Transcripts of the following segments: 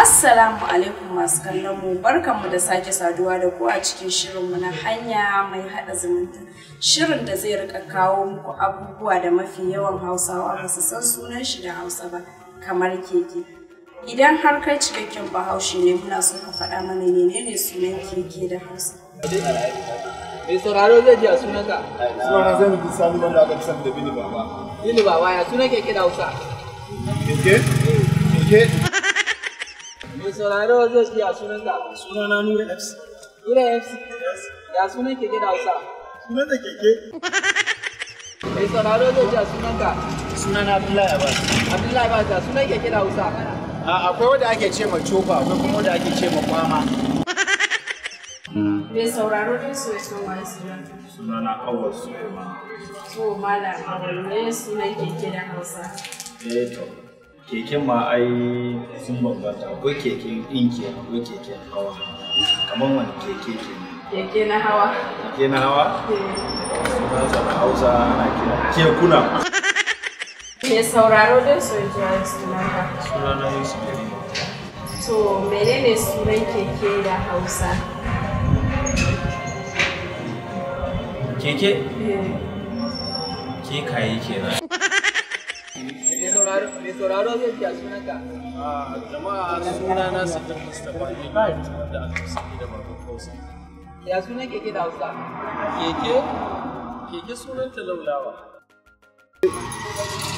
Assalamu alaikum masu kallon mu barkanmu da sake saduwa da ku a cikin shirinmu na hanya mai haɗa zumunta. Shirin da zai rika kawo muku abubuwa da mafi yawan Hausawa ba su san sunan shi da Hausa ba kamar keke. Idan har kai cikakken Bahaushe ne muna so ka faɗa mana menene sunan keke da Hausa. Mai sauraro zai ji a sunanka? Sunana zan bi sami wanda aka fi sani da Bini Baba. Bini Baba ya sunan keke da Hausa? Keke? Keke? Mai sauraro zai iya sunan da. Suna na Nura FC. Nura FC? Yes. Ya keke da Hausa. Sunan da keke. Mai sauraro zai iya sunan ka. Suna na Abdullahi Abbas. Abdullahi Abbas ya sunan keke da Hausa. Akwai wanda ake ce ma cofa, akwai kuma wanda ake ce ma kwama. Me sauraro ne su yasan wani sunan. Suna na Awal Suleiman. To, Malam Awal ne sunan keke da Hausa. Eh, to. keken ma ai sun bambanta akwai keken inke akwai keken hawa kamar wani keke ke keke na hawa keke na hawa eh. sunansa na hausa ana kira kekuna me sauraro don dai soyi jiran na yi su gari to menene sunan keke da hausa keke eh. kekaye kenan mai sauraro zai ji a sunanka. Jama'a suna na da Ya keke da Hausa? Keke? laulawa.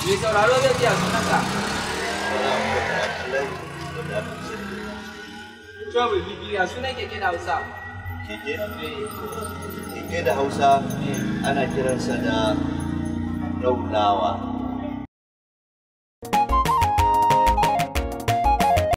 Mai zai a sunanka. ya sunan keke da Hausa? Keke? Keke da Hausa ana kiransa da laulawa.